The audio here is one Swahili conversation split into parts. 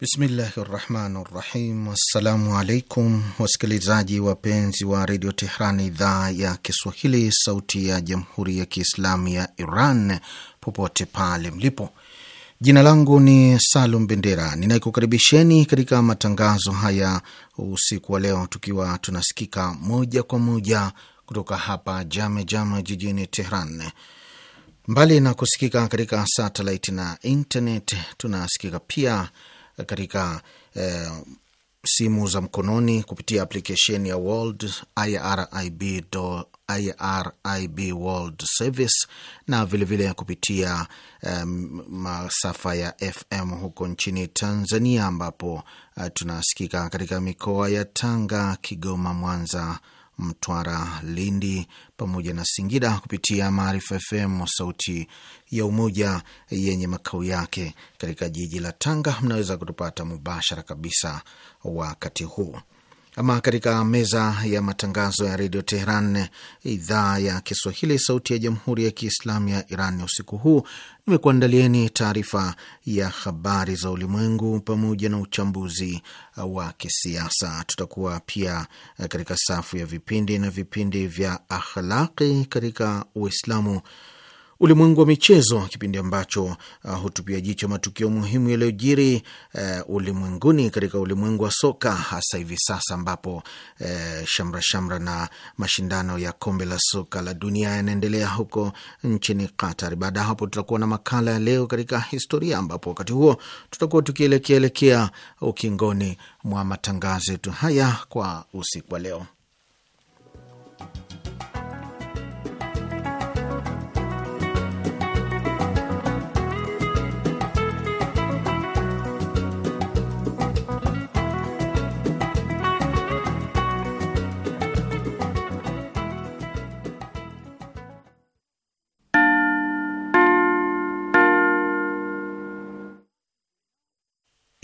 Bismillahi rahmani rahim. Assalamu alaikum wasikilizaji wapenzi wa redio Tehran, idhaa ya Kiswahili, sauti ya jamhuri ya kiislamu ya Iran, popote pale mlipo. Jina langu ni Salum Bendera, ninakukaribisheni katika matangazo haya usiku wa leo, tukiwa tunasikika moja kwa moja kutoka hapa Jame Jame jijini Tehran. Mbali na kusikika katika satelit na intaneti, tunasikika pia katika eh, simu za mkononi kupitia aplikesheni ya World IRIB, IRIB World Service na vilevile vile kupitia um, masafa ya FM huko nchini Tanzania, ambapo uh, tunasikika katika mikoa ya Tanga, Kigoma, Mwanza, Mtwara, Lindi pamoja na Singida kupitia Maarifa FM sauti ya Umoja yenye makao yake katika jiji la Tanga. Mnaweza kutupata mubashara kabisa wakati huu. Ama katika meza ya matangazo ya redio Teheran, idhaa ya Kiswahili, sauti ya jamhuri ya kiislamu ya Iran, usiku huu nimekuandalieni taarifa ya habari za ulimwengu pamoja na uchambuzi wa kisiasa. Tutakuwa pia katika safu ya vipindi na vipindi vya akhlaqi katika Uislamu ulimwengu wa michezo, kipindi ambacho uh, hutupia jicho matukio muhimu yaliyojiri uh, ulimwenguni katika ulimwengu wa soka, hasa hivi sasa ambapo uh, shamra shamra na mashindano ya kombe la soka la dunia yanaendelea huko nchini Qatar. Baada ya hapo, tutakuwa na makala ya leo katika historia, ambapo wakati huo tutakuwa tukielekeelekea ukingoni mwa matangazo yetu haya kwa usiku wa leo.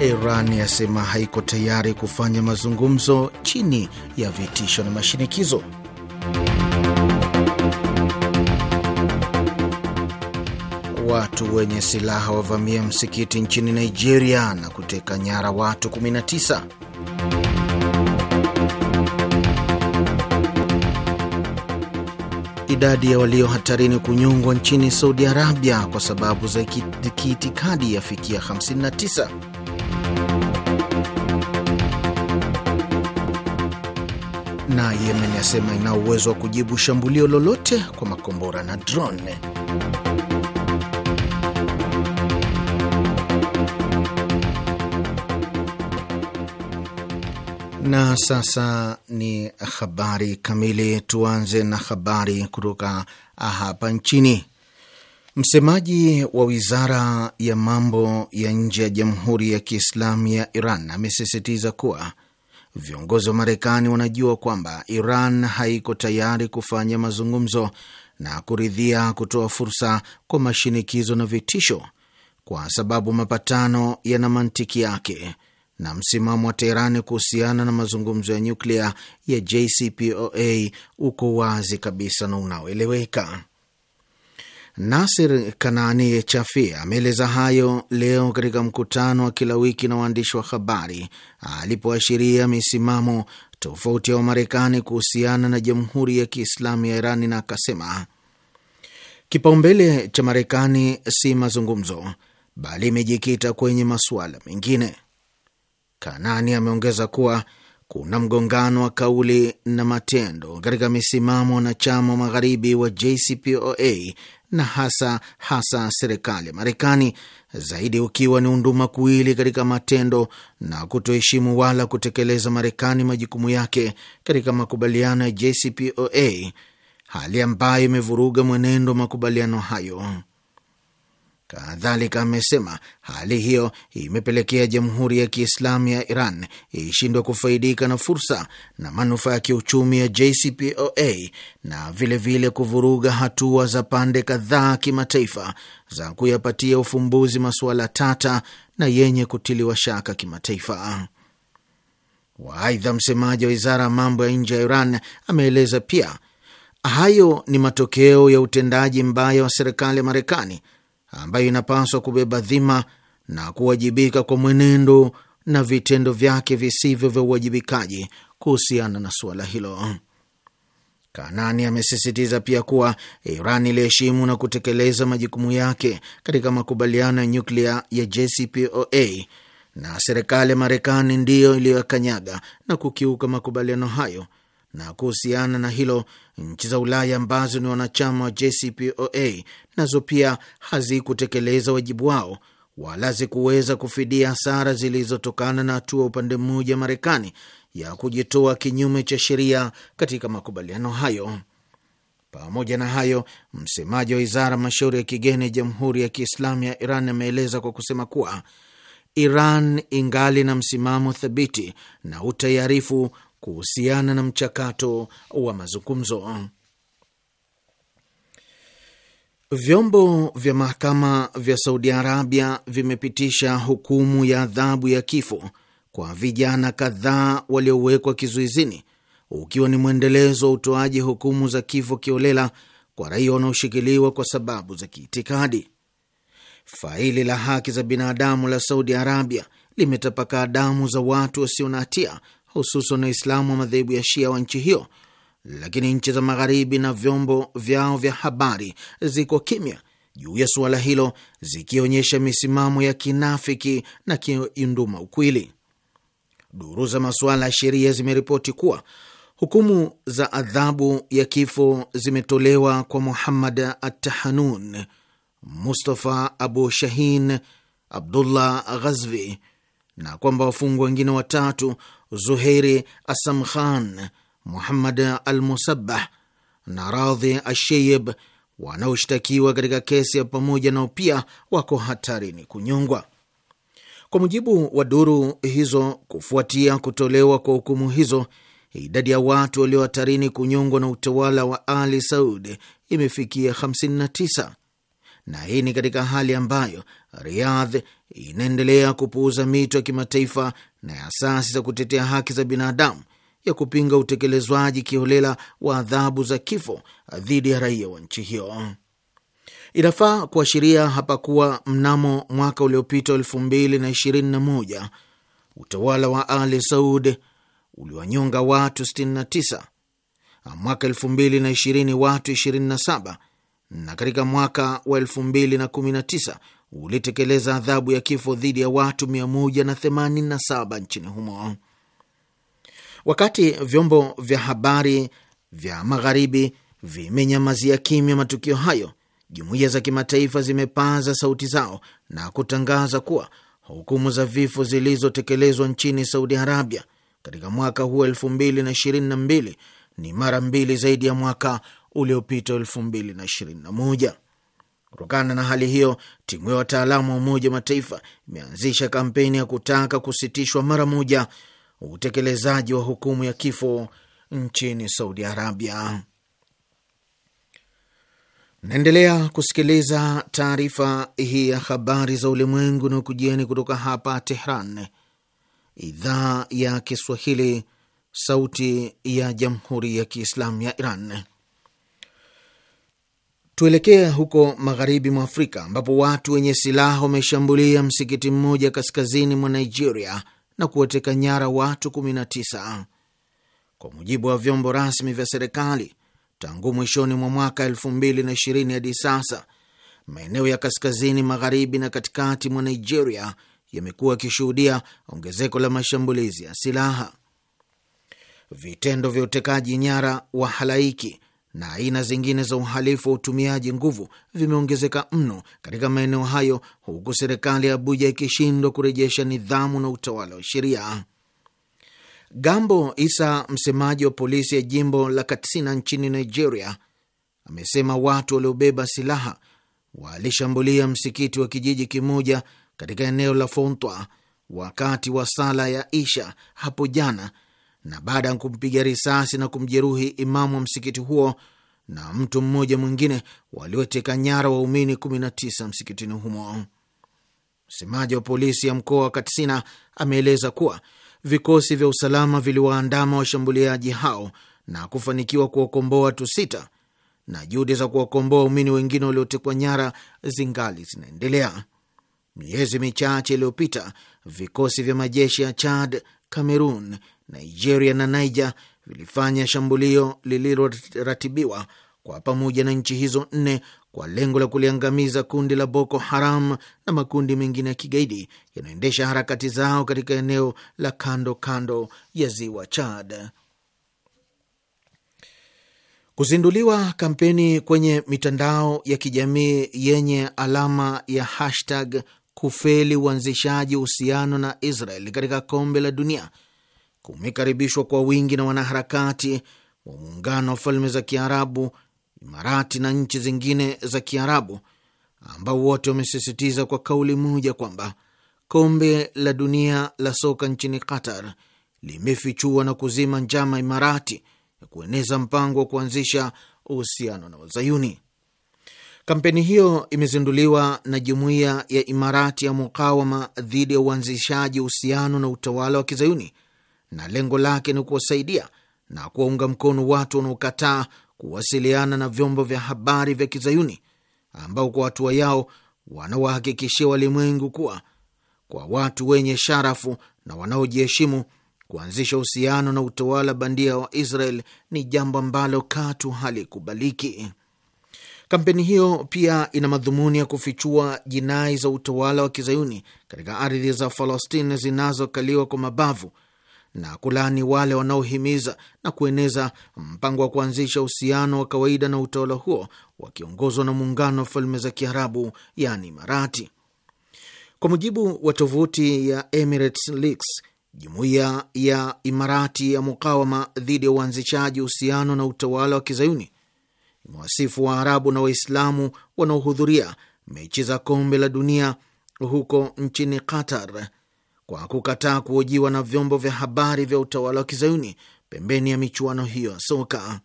Iran yasema haiko tayari kufanya mazungumzo chini ya vitisho na mashinikizo. Watu wenye silaha wavamia msikiti nchini Nigeria na kuteka nyara watu 19. Idadi ya walio hatarini kunyongwa nchini Saudi Arabia kwa sababu za kiitikadi yafikia 59. na Yemen yasema ina uwezo wa kujibu shambulio lolote kwa makombora na drone. Na sasa ni habari kamili. Tuanze na habari kutoka hapa nchini. Msemaji wa wizara ya mambo ya nje ya Jamhuri ya Kiislamu ya Iran amesisitiza kuwa viongozi wa Marekani wanajua kwamba Iran haiko tayari kufanya mazungumzo na kuridhia kutoa fursa kwa mashinikizo na vitisho, kwa sababu mapatano yana mantiki yake na msimamo wa Teherani kuhusiana na mazungumzo ya nyuklia ya JCPOA uko wazi kabisa na unaoeleweka. Nasir Kanani Chafi ameeleza hayo leo katika mkutano wa kila wiki na waandishi wa habari alipoashiria misimamo tofauti ya Wamarekani kuhusiana na Jamhuri ya Kiislamu ya Irani na akasema kipaumbele cha Marekani si mazungumzo, bali imejikita kwenye masuala mengine. Kanani ameongeza kuwa kuna mgongano wa kauli na matendo katika misimamo wanachama magharibi wa JCPOA na hasa hasa serikali ya Marekani, zaidi ukiwa ni unduma kuwili katika matendo na kutoheshimu wala kutekeleza Marekani majukumu yake katika makubaliano ya JCPOA, hali ambayo imevuruga mwenendo wa makubaliano hayo. Kadhalika amesema hali hiyo imepelekea Jamhuri ya Kiislamu ya Iran ishindwe kufaidika na fursa na manufaa ya kiuchumi ya JCPOA na vilevile vile kuvuruga hatua za pande kadhaa kimataifa za kuyapatia ufumbuzi masuala tata na yenye kutiliwa shaka kimataifa. Waaidha, msemaji wa wizara ya mambo ya nje ya Iran ameeleza pia hayo ni matokeo ya utendaji mbaya wa serikali ya Marekani ambayo inapaswa kubeba dhima na kuwajibika kwa mwenendo na vitendo vyake visivyo vya uwajibikaji kuhusiana na suala hilo. Kanani amesisitiza pia kuwa Iran iliheshimu na kutekeleza majukumu yake katika makubaliano ya nyuklia ya JCPOA na serikali ya Marekani ndiyo iliyokanyaga na kukiuka makubaliano hayo na kuhusiana na hilo, nchi za Ulaya ambazo ni wanachama wa JCPOA nazo pia hazikutekeleza wajibu wao wala zikuweza kufidia hasara zilizotokana na hatua upande mmoja Marekani ya kujitoa kinyume cha sheria katika makubaliano hayo. Pamoja na hayo, msemaji wa wizara mashauri ya kigeni ya Jamhuri ya Kiislamu ya Iran ameeleza kwa kusema kuwa Iran ingali na msimamo thabiti na utayarifu kuhusiana na mchakato wa mazungumzo. Vyombo vya mahakama vya Saudi Arabia vimepitisha hukumu ya adhabu ya kifo kwa vijana kadhaa waliowekwa kizuizini, ukiwa ni mwendelezo wa utoaji hukumu za kifo kiolela kwa raia wanaoshikiliwa kwa sababu za kiitikadi. Faili la haki za binadamu la Saudi Arabia limetapakaa damu za watu wasio na hatia hususan Waislamu wa madhehebu ya Shia wa nchi hiyo, lakini nchi za Magharibi na vyombo vyao vya habari ziko kimya juu ya suala hilo, zikionyesha misimamo ya kinafiki na kiunduma ukwili. Duru za masuala ya sheria zimeripoti kuwa hukumu za adhabu ya kifo zimetolewa kwa Muhammad Attahanun, Mustafa Abu Shahin, Abdullah Ghazvi na kwamba wafungwa wengine watatu Zuheiri Asamkhan, Muhammad al musabah na Radhi Asheyeb wanaoshtakiwa katika kesi ya pamoja nao pia wako hatarini kunyongwa, kwa mujibu wa duru hizo. Kufuatia kutolewa kwa hukumu hizo, idadi ya watu walio hatarini kunyongwa na utawala wa Ali Saud imefikia 59 na hii ni katika hali ambayo Riyadh inaendelea kupuuza mito ya kimataifa na ya asasi za kutetea haki za binadamu ya kupinga utekelezwaji kiholela wa adhabu za kifo dhidi ya raia wa nchi hiyo. Inafaa kuashiria hapa kuwa mnamo mwaka uliopita elfu mbili na ishirini na moja utawala wa Ali Saud uliwanyonga watu 69, mwaka elfu mbili na ishirini watu 27, na katika mwaka wa elfu mbili na kumi na tisa ulitekeleza adhabu ya kifo dhidi ya watu 187 nchini humo. Wakati vyombo vya habari vya magharibi vimenyamazia kimya matukio hayo, jumuiya za kimataifa zimepaza sauti zao na kutangaza kuwa hukumu za vifo zilizotekelezwa nchini Saudi Arabia katika mwaka huu 2022 ni mara mbili zaidi ya mwaka uliopita 2021. Kutokana na hali hiyo, timu ya wataalamu wa Umoja wa Mataifa imeanzisha kampeni ya kutaka kusitishwa mara moja utekelezaji wa hukumu ya kifo nchini Saudi Arabia. Naendelea kusikiliza taarifa hii ya habari za ulimwengu na ukujieni kutoka hapa Tehran, idhaa ya Kiswahili, sauti ya jamhuri ya kiislamu ya Iran. Tuelekee huko magharibi mwa Afrika ambapo watu wenye silaha wameshambulia msikiti mmoja kaskazini mwa Nigeria na kuwateka nyara watu 19 kwa mujibu wa vyombo rasmi vya serikali. Tangu mwishoni mwa mwaka 2020 hadi sasa, maeneo ya kaskazini magharibi na katikati mwa Nigeria yamekuwa yakishuhudia ongezeko la mashambulizi ya silaha. Vitendo vya utekaji nyara wa halaiki na aina zingine za uhalifu wa utumiaji nguvu vimeongezeka mno katika maeneo hayo, huku serikali ya Abuja ikishindwa kurejesha nidhamu na utawala wa sheria. Gambo Isa, msemaji wa polisi ya jimbo la Katsina nchini Nigeria, amesema watu waliobeba silaha walishambulia msikiti wa kijiji kimoja katika eneo la Fontwa wakati wa sala ya Isha hapo jana na baada ya kumpiga risasi na kumjeruhi imamu wa msikiti huo na mtu mmoja mwingine walioteka nyara waumini 19 msikitini humo. Msemaji wa polisi ya mkoa wa Katsina ameeleza kuwa vikosi vya usalama viliwaandama washambuliaji hao na kufanikiwa kuwakomboa watu sita na juhudi za kuwakomboa waumini wengine waliotekwa nyara zingali zinaendelea. Miezi michache iliyopita, vikosi vya majeshi ya Chad, Cameroon, Nigeria na Niger vilifanya shambulio lililoratibiwa kwa pamoja na nchi hizo nne kwa lengo la kuliangamiza kundi la Boko Haram na makundi mengine ya kigaidi yanayoendesha harakati zao katika eneo la kando kando ya ziwa Chad. Kuzinduliwa kampeni kwenye mitandao ya kijamii yenye alama ya hashtag kufeli uanzishaji uhusiano na Israel katika kombe la dunia kumekaribishwa kwa wingi na wanaharakati wa Muungano wa Falme za Kiarabu, Imarati na nchi zingine za Kiarabu, ambao wote wamesisitiza kwa kauli moja kwamba kombe la dunia la soka nchini Qatar limefichua na kuzima njama Imarati ya kueneza mpango wa kuanzisha uhusiano na Wazayuni. Kampeni hiyo imezinduliwa na jumuiya ya Imarati ya Mukawama dhidi ya uanzishaji uhusiano na utawala wa Kizayuni na lengo lake ni kuwasaidia na kuwaunga mkono watu wanaokataa kuwasiliana na vyombo vya habari vya kizayuni ambao kwa hatua yao wanawahakikishia walimwengu kuwa kwa watu wenye sharafu na wanaojiheshimu kuanzisha uhusiano na utawala bandia wa Israel ni jambo ambalo katu halikubaliki. Kampeni hiyo pia ina madhumuni ya kufichua jinai za utawala wa kizayuni katika ardhi za Falastini zinazokaliwa kwa mabavu na kulaani wale wanaohimiza na kueneza mpango wa kuanzisha uhusiano wa kawaida na utawala huo wakiongozwa na muungano wa falme za Kiarabu, yani marati Kwa mujibu wa tovuti ya Emirates Leaks, jumuiya ya Imarati ya mukawama dhidi ya uanzishaji uhusiano na utawala wa kizayuni imewasifu arabu na Waislamu wanaohudhuria mechi za kombe la dunia huko nchini Qatar kwa kukataa kuhojiwa na vyombo vya habari vya utawala wa kizayuni pembeni ya michuano hiyo ya soka.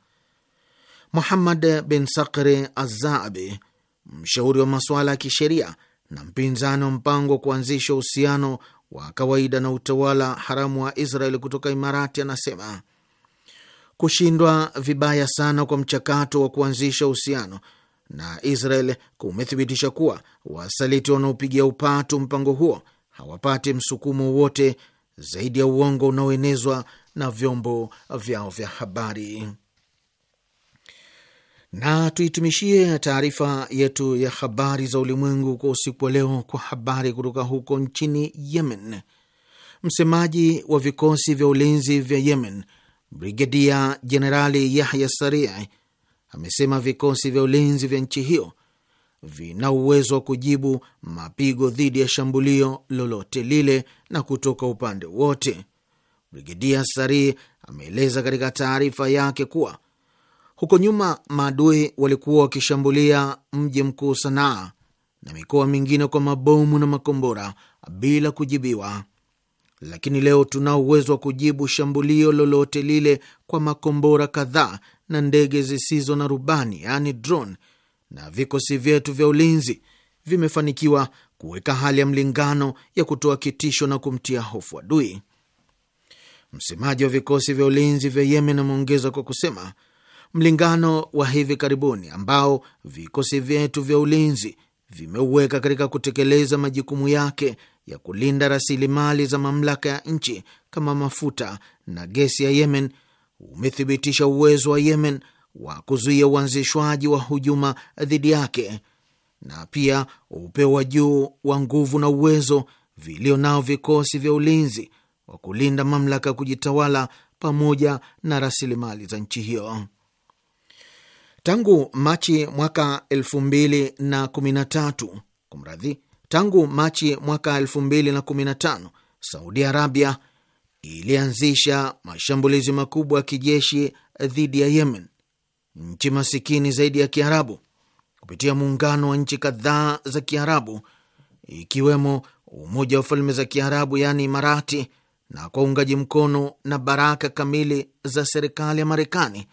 Muhammad bin Sakri Azabi, mshauri wa masuala ya kisheria na mpinzani wa mpango wa kuanzisha uhusiano wa kawaida na utawala haramu wa israel kutoka Imarati, anasema kushindwa vibaya sana kwa mchakato wa kuanzisha uhusiano na Israel kumethibitisha kuwa wasaliti wanaopigia upatu mpango huo hawapati msukumo wowote zaidi ya uongo unaoenezwa na vyombo vyao vya habari. Na tuitumishie taarifa yetu ya habari za ulimwengu kwa usiku wa leo kwa habari kutoka huko nchini Yemen. Msemaji wa vikosi vya ulinzi vya Yemen, Brigedia Jenerali Yahya Sarii amesema vikosi vya ulinzi vya nchi hiyo vina uwezo wa kujibu mapigo dhidi ya shambulio lolote lile na kutoka upande wote. Brigedia Sari ameeleza katika taarifa yake kuwa huko nyuma maadui walikuwa wakishambulia mji mkuu Sanaa na mikoa mingine kwa mabomu na makombora bila kujibiwa, lakini leo tunao uwezo wa kujibu shambulio lolote lile kwa makombora kadhaa na ndege zisizo na rubani, yaani drone, na vikosi vyetu vya ulinzi vimefanikiwa kuweka hali ya mlingano ya kutoa kitisho na kumtia hofu adui. Msemaji wa vikosi vya ulinzi vya Yemen ameongeza kwa kusema mlingano wa hivi karibuni ambao vikosi vyetu vya ulinzi vimeuweka katika kutekeleza majukumu yake ya kulinda rasilimali za mamlaka ya nchi kama mafuta na gesi ya Yemen umethibitisha uwezo wa Yemen wa kuzuia uanzishwaji wa hujuma dhidi yake na pia upeo wa juu wa nguvu na uwezo vilio nao vikosi vya ulinzi wa kulinda mamlaka ya kujitawala pamoja na rasilimali za nchi hiyo. Tangu Machi mwaka elfu mbili na kumi na tatu kumradhi, tangu Machi mwaka elfu mbili na kumi na tano Saudi Arabia ilianzisha mashambulizi makubwa ya kijeshi dhidi ya Yemen nchi masikini zaidi ya Kiarabu kupitia muungano wa nchi kadhaa za Kiarabu ikiwemo Umoja wa Falme za Kiarabu yaani Imarati, na kwa uungaji mkono na baraka kamili za serikali ya Marekani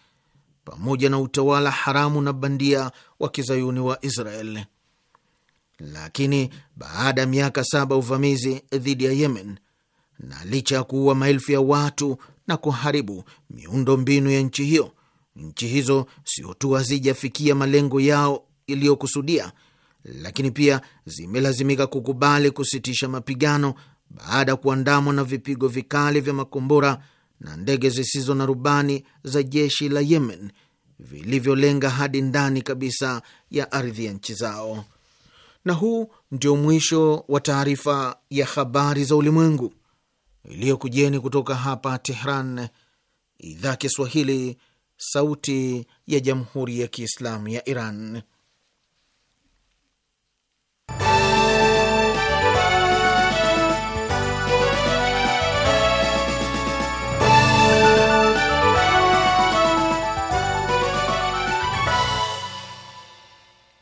pamoja na utawala haramu na bandia wa kizayuni wa Israel. Lakini baada ya miaka saba uvamizi dhidi ya Yemen na licha ya kuua maelfu ya watu na kuharibu miundo mbinu ya nchi hiyo nchi hizo sio tu hazijafikia malengo yao iliyokusudia, lakini pia zimelazimika kukubali kusitisha mapigano baada ya kuandamwa na vipigo vikali vya makombora na ndege zisizo na rubani za jeshi la Yemen vilivyolenga hadi ndani kabisa ya ardhi ya nchi zao. Na huu ndio mwisho wa taarifa ya habari za ulimwengu iliyokujeni kutoka hapa Tehran, idhaa Kiswahili, Sauti ya Jamhuri ya Kiislamu ya Iran.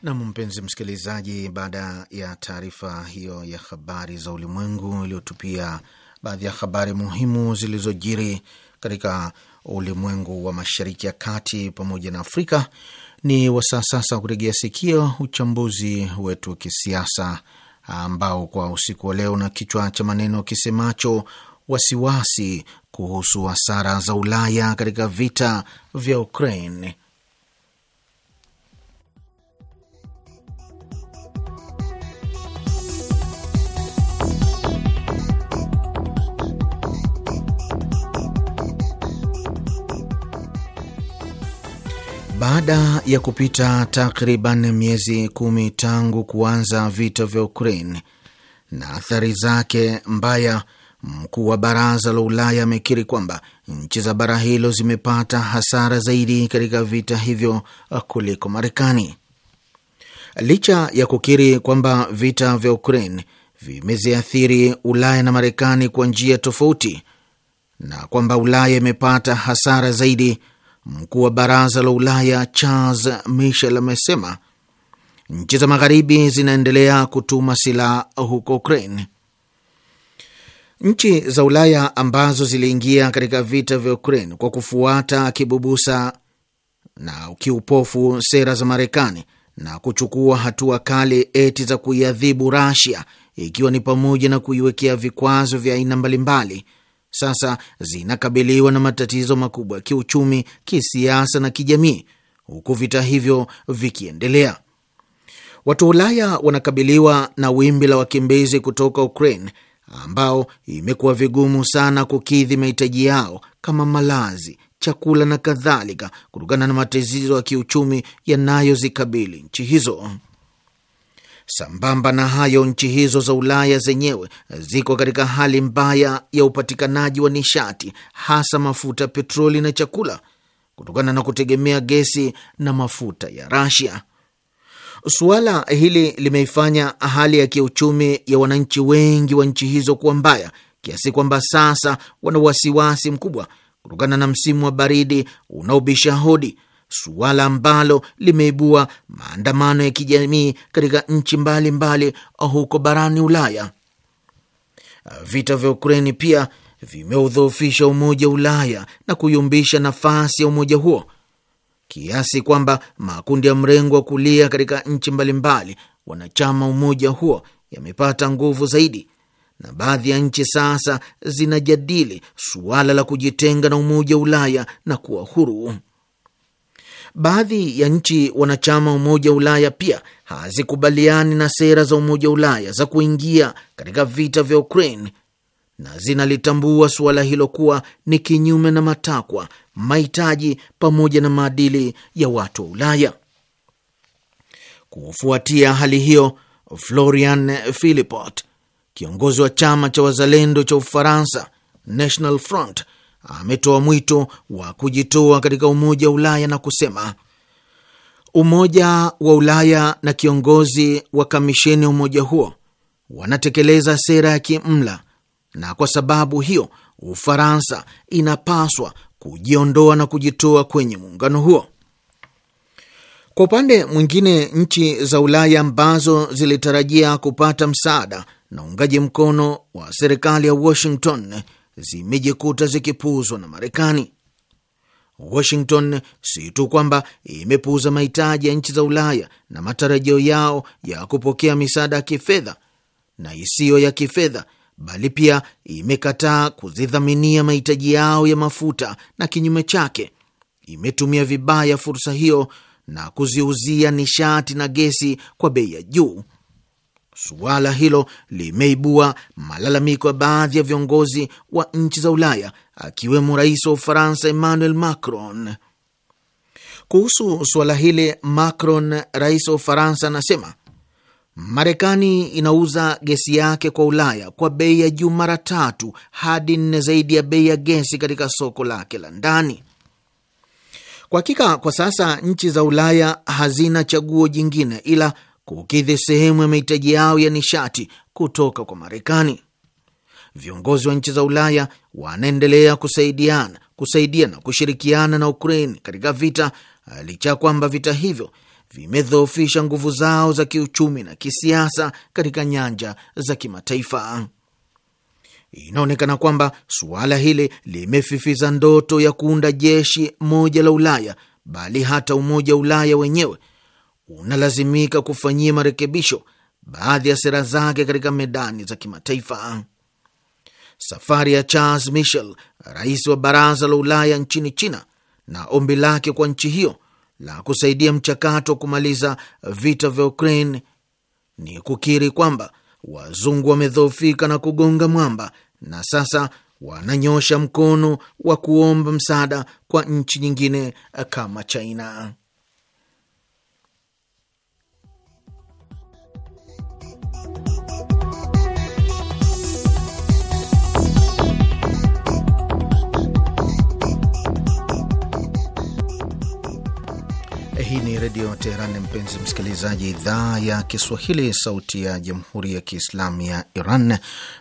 Nam, mpenzi msikilizaji, baada ya taarifa hiyo ya habari za ulimwengu iliyotupia baadhi ya habari muhimu zilizojiri katika ulimwengu wa Mashariki ya Kati pamoja na Afrika. Ni wasaa sasa wa kuregea sikio uchambuzi wetu wa kisiasa ambao kwa usiku wa leo na kichwa cha maneno kisemacho wasiwasi kuhusu hasara za Ulaya katika vita vya Ukraine. Baada ya kupita takriban miezi kumi tangu kuanza vita vya Ukraine na athari zake mbaya, mkuu wa baraza la Ulaya amekiri kwamba nchi za bara hilo zimepata hasara zaidi katika vita hivyo kuliko Marekani. Licha ya kukiri kwamba vita vya Ukraine vimeziathiri Ulaya na Marekani kwa njia tofauti na kwamba Ulaya imepata hasara zaidi Mkuu wa baraza la Ulaya Charles Michel amesema nchi za magharibi zinaendelea kutuma silaha huko Ukraine. Nchi za Ulaya ambazo ziliingia katika vita vya Ukraine kwa kufuata kibubusa na kiupofu sera za Marekani na kuchukua hatua kali eti za kuiadhibu Rasia, ikiwa ni pamoja na kuiwekea vikwazo vya aina mbalimbali, sasa zinakabiliwa na matatizo makubwa ya kiuchumi, kisiasa na kijamii, huku vita hivyo vikiendelea. Watu wa Ulaya wanakabiliwa na wimbi la wakimbizi kutoka Ukraine ambao imekuwa vigumu sana kukidhi mahitaji yao kama malazi, chakula na kadhalika, kutokana na matatizo ya kiuchumi yanayozikabili nchi hizo. Sambamba na hayo, nchi hizo za Ulaya zenyewe ziko katika hali mbaya ya upatikanaji wa nishati, hasa mafuta, petroli na chakula, kutokana na kutegemea gesi na mafuta ya Rasia. Suala hili limeifanya hali ya kiuchumi ya wananchi wengi wa nchi hizo kuwa mbaya kiasi kwamba sasa wana wasiwasi mkubwa kutokana na msimu wa baridi unaobisha hodi suala ambalo limeibua maandamano ya kijamii katika nchi mbalimbali huko barani Ulaya. Vita vya Ukraini pia vimeudhoofisha Umoja wa Ulaya na kuyumbisha nafasi ya umoja huo kiasi kwamba makundi ya mrengo wa kulia katika nchi mbalimbali wanachama umoja huo yamepata nguvu zaidi, na baadhi ya nchi sasa zinajadili suala la kujitenga na Umoja wa Ulaya na kuwa huru. Baadhi ya nchi wanachama Umoja wa Ulaya pia hazikubaliani na sera za Umoja wa Ulaya za kuingia katika vita vya Ukraine na zinalitambua suala hilo kuwa ni kinyume na matakwa, mahitaji pamoja na maadili ya watu wa Ulaya. Kufuatia hali hiyo, Florian Philippot, kiongozi wa chama cha wazalendo cha Ufaransa, National Front, ametoa mwito wa kujitoa katika Umoja wa Ulaya na kusema Umoja wa Ulaya na kiongozi wa kamisheni ya umoja huo wanatekeleza sera ya kimla, na kwa sababu hiyo Ufaransa inapaswa kujiondoa na kujitoa kwenye muungano huo. Kwa upande mwingine, nchi za Ulaya ambazo zilitarajia kupata msaada na uungaji mkono wa serikali ya Washington zimejikuta zikipuuzwa na Marekani. Washington si tu kwamba imepuuza mahitaji ya nchi za Ulaya na matarajio yao ya kupokea misaada ya kifedha na isiyo ya kifedha, bali pia imekataa kuzidhaminia mahitaji yao ya mafuta, na kinyume chake imetumia vibaya fursa hiyo na kuziuzia nishati na gesi kwa bei ya juu Suala hilo limeibua malalamiko ya baadhi ya viongozi wa nchi za Ulaya akiwemo rais wa Ufaransa Emmanuel Macron. Kuhusu suala hili, Macron, rais wa Ufaransa, anasema Marekani inauza gesi yake kwa Ulaya kwa bei ya juu mara tatu hadi nne zaidi ya bei ya gesi katika soko lake la ndani. Kwa hakika, kwa sasa nchi za Ulaya hazina chaguo jingine ila kukidhi sehemu ya mahitaji yao ya nishati kutoka kwa Marekani. Viongozi wa nchi za Ulaya wanaendelea kusaidiana, kusaidia na kushirikiana na Ukraine katika vita, licha ya kwamba vita hivyo vimedhoofisha nguvu zao za kiuchumi na kisiasa katika nyanja za kimataifa. Inaonekana kwamba suala hili limefifiza ndoto ya kuunda jeshi moja la Ulaya, bali hata umoja wa Ulaya wenyewe unalazimika kufanyia marekebisho baadhi ya sera zake katika medani za kimataifa. Safari ya Charles Michel, rais wa Baraza la Ulaya nchini China, na ombi lake kwa nchi hiyo la kusaidia mchakato wa kumaliza vita vya Ukraine ni kukiri kwamba wazungu wamedhoofika na kugonga mwamba na sasa wananyosha mkono wa kuomba msaada kwa nchi nyingine kama China. Eh, hii ni Redio Teheran, mpenzi msikilizaji, idhaa ya Kiswahili, sauti ya jamhuri ya kiislamu ya Iran.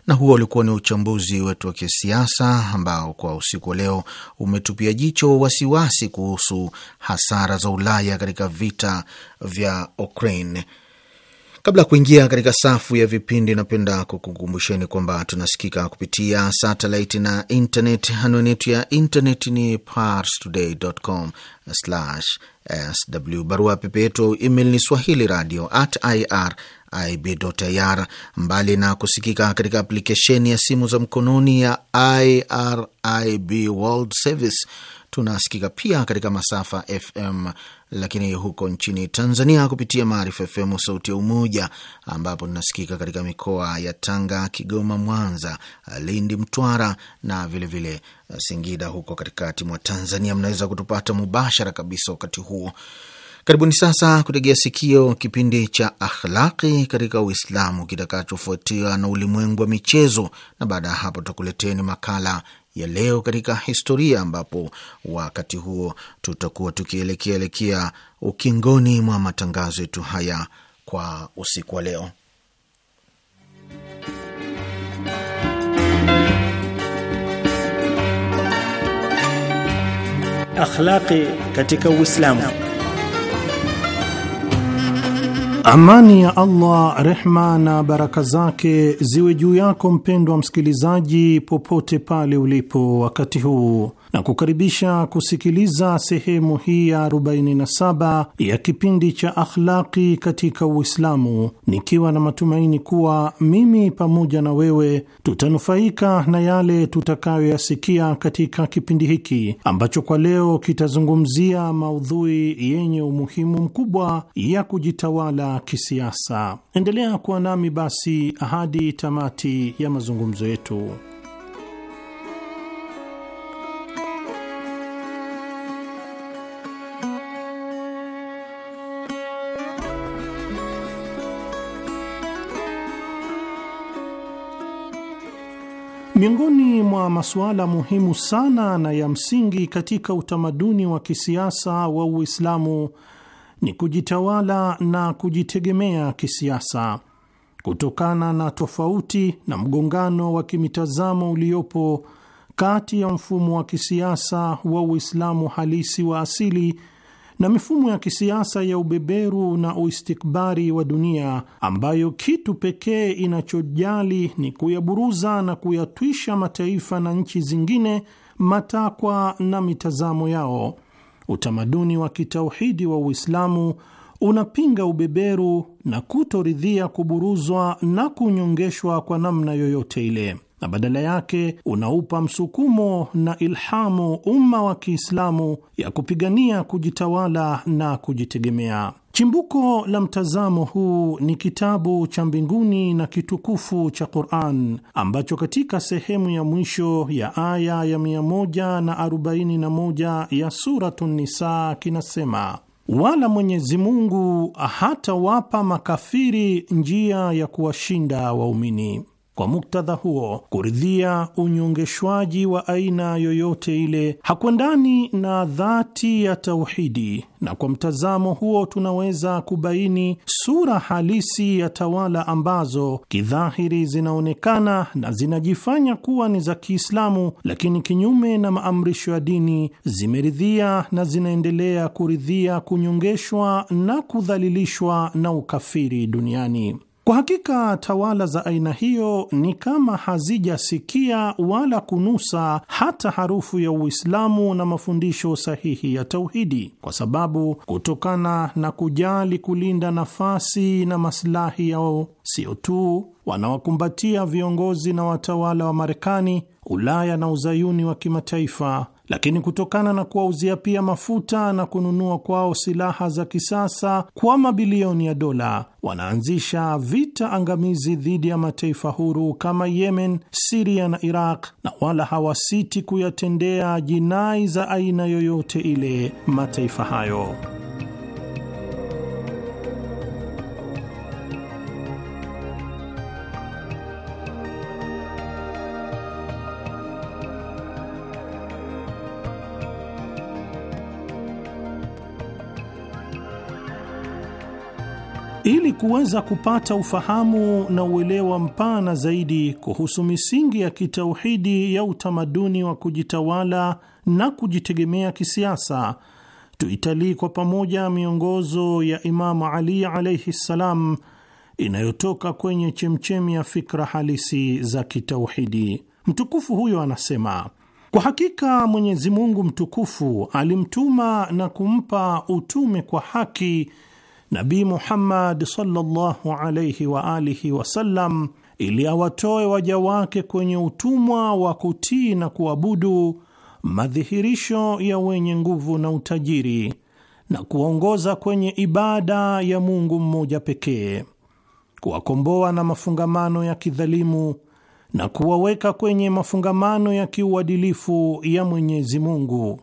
Na huo ulikuwa ni uchambuzi wetu wa kisiasa ambao kwa usiku wa leo umetupia jicho wasiwasi kuhusu hasara za Ulaya katika vita vya Ukraine. Kabla ya kuingia katika safu ya vipindi, napenda kukukumbusheni kwamba tunasikika kupitia satellite na internet. Anwani yetu ya internet ni parstoday.com/sw. Barua pepe yetu email ni swahili radio at ir IBR. Mbali na kusikika katika aplikesheni ya simu za mkononi ya IRIB World Service, tunasikika pia katika masafa FM lakini huko nchini Tanzania kupitia Maarifa FM sauti ya Umoja, ambapo tunasikika katika mikoa ya Tanga, Kigoma, Mwanza, Lindi, Mtwara na vilevile vile uh, Singida huko katikati mwa Tanzania. Mnaweza kutupata mubashara kabisa wakati huo. Karibuni sasa kutegea sikio kipindi cha Akhlaqi katika Uislamu kitakachofuatiwa na ulimwengu wa michezo, na baada ya hapo tutakuleteni makala ya leo katika historia, ambapo wakati huo tutakuwa tukielekeaelekea ukingoni mwa matangazo yetu haya kwa usiku wa leo. Akhlaqi katika Uislamu. Amani ya Allah, rehma na baraka zake ziwe juu yako mpendwa msikilizaji, popote pale ulipo wakati huu na kukaribisha kusikiliza sehemu hii ya 47 ya kipindi cha Akhlaqi katika Uislamu, nikiwa na matumaini kuwa mimi pamoja na wewe tutanufaika na yale tutakayoyasikia katika kipindi hiki ambacho kwa leo kitazungumzia maudhui yenye umuhimu mkubwa ya kujitawala kisiasa. Endelea kuwa nami basi hadi tamati ya mazungumzo yetu. Miongoni mwa masuala muhimu sana na ya msingi katika utamaduni wa kisiasa wa Uislamu ni kujitawala na kujitegemea kisiasa. Kutokana na tofauti na mgongano wa kimitazamo uliopo kati ya mfumo wa kisiasa wa Uislamu halisi wa asili na mifumo ya kisiasa ya ubeberu na uistikbari wa dunia ambayo kitu pekee inachojali ni kuyaburuza na kuyatwisha mataifa na nchi zingine matakwa na mitazamo yao. Utamaduni wa kitauhidi wa Uislamu unapinga ubeberu na kutoridhia kuburuzwa na kunyongeshwa kwa namna yoyote ile na badala yake unaupa msukumo na ilhamu umma wa Kiislamu ya kupigania kujitawala na kujitegemea. Chimbuko la mtazamo huu ni kitabu cha mbinguni na kitukufu cha Quran ambacho katika sehemu ya mwisho ya aya ya 141 ya Suratu Nisa kinasema Wala Mwenyezi Mungu hatawapa makafiri njia ya kuwashinda waumini. Kwa muktadha huo, kuridhia unyongeshwaji wa aina yoyote ile hakwendani na dhati ya tauhidi, na kwa mtazamo huo tunaweza kubaini sura halisi ya tawala ambazo kidhahiri zinaonekana na zinajifanya kuwa ni za Kiislamu, lakini kinyume na maamrisho ya dini zimeridhia na zinaendelea kuridhia kunyongeshwa na kudhalilishwa na ukafiri duniani. Kwa hakika tawala za aina hiyo ni kama hazijasikia wala kunusa hata harufu ya Uislamu na mafundisho sahihi ya tauhidi, kwa sababu kutokana na kujali kulinda nafasi na maslahi yao, sio tu wanawakumbatia viongozi na watawala wa Marekani, Ulaya na uzayuni wa kimataifa lakini kutokana na kuwauzia pia mafuta na kununua kwao silaha za kisasa kwa mabilioni ya dola, wanaanzisha vita angamizi dhidi ya mataifa huru kama Yemen, Siria na Iraq, na wala hawasiti kuyatendea jinai za aina yoyote ile mataifa hayo. Ili kuweza kupata ufahamu na uelewa mpana zaidi kuhusu misingi ya kitauhidi ya utamaduni wa kujitawala na kujitegemea kisiasa, tuitalii kwa pamoja miongozo ya Imamu Ali alaihi ssalam inayotoka kwenye chemchemi ya fikra halisi za kitauhidi. Mtukufu huyo anasema: kwa hakika Mwenyezi Mungu mtukufu alimtuma na kumpa utume kwa haki nabi Muhammad sallallahu alayhi wa alihi wasallam ili awatoe waja wake kwenye utumwa wa kutii na kuabudu madhihirisho ya wenye nguvu na utajiri na kuwaongoza kwenye ibada ya Mungu mmoja pekee, kuwakomboa na mafungamano ya kidhalimu na kuwaweka kwenye mafungamano ya kiuadilifu ya Mwenyezi Mungu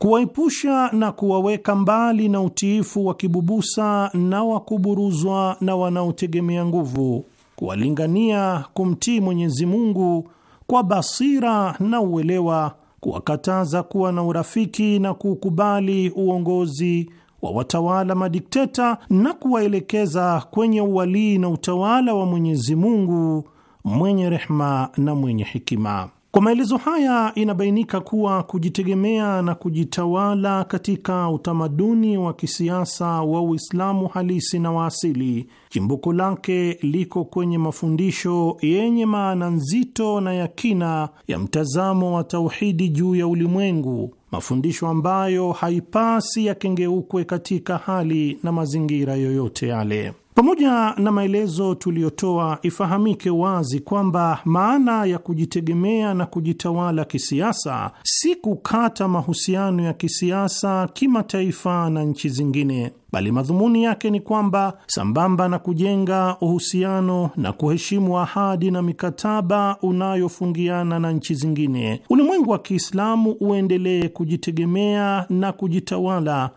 kuwaepusha na kuwaweka mbali na utiifu wa kibubusa na wa kuburuzwa na wanaotegemea nguvu, kuwalingania kumtii Mwenyezi Mungu kwa basira na uelewa, kuwakataza kuwa na urafiki na kuukubali uongozi wa watawala madikteta na kuwaelekeza kwenye uwalii na utawala wa Mwenyezi Mungu mwenye rehma na mwenye hikima. Kwa maelezo haya inabainika kuwa kujitegemea na kujitawala katika utamaduni wa kisiasa wa Uislamu halisi na wa asili, chimbuko lake liko kwenye mafundisho yenye maana nzito na ya kina ya mtazamo wa tauhidi juu ya ulimwengu mafundisho ambayo haipasi yakengeukwe katika hali na mazingira yoyote yale. Pamoja na maelezo tuliyotoa, ifahamike wazi kwamba maana ya kujitegemea na kujitawala kisiasa si kukata mahusiano ya kisiasa kimataifa na nchi zingine bali madhumuni yake ni kwamba sambamba na kujenga uhusiano na kuheshimu ahadi na mikataba unayofungiana na nchi zingine, ulimwengu wa Kiislamu uendelee kujitegemea na kujitawala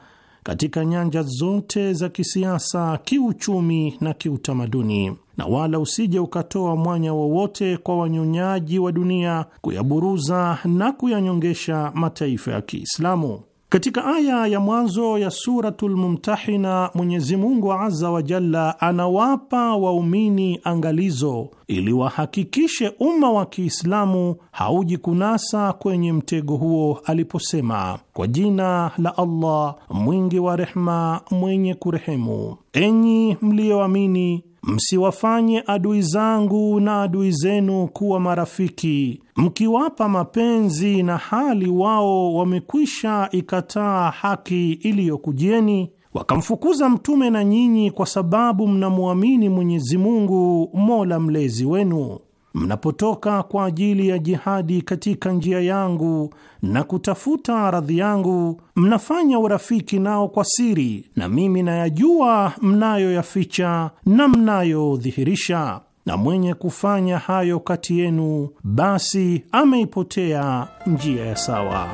katika nyanja zote za kisiasa, kiuchumi na kiutamaduni, na wala usije ukatoa mwanya wowote kwa wanyonyaji wa dunia kuyaburuza na kuyanyongesha mataifa ya Kiislamu. Katika aya ya mwanzo ya Suratul Mumtahina, Mwenyezi Mungu Azza wa Jalla anawapa waumini angalizo ili wahakikishe umma wa Kiislamu haujikunasa kwenye mtego huo aliposema: kwa jina la Allah mwingi wa rehma mwenye kurehemu, enyi mliyoamini Msiwafanye adui zangu na adui zenu kuwa marafiki, mkiwapa mapenzi na hali wao wamekwisha ikataa haki iliyokujieni, wakamfukuza mtume na nyinyi, kwa sababu mnamwamini Mwenyezi Mungu, mola mlezi wenu mnapotoka kwa ajili ya jihadi katika njia yangu na kutafuta radhi yangu, mnafanya urafiki nao kwa siri, na mimi nayajua mnayoyaficha na mnayodhihirisha, na mwenye kufanya hayo kati yenu, basi ameipotea njia ya sawa.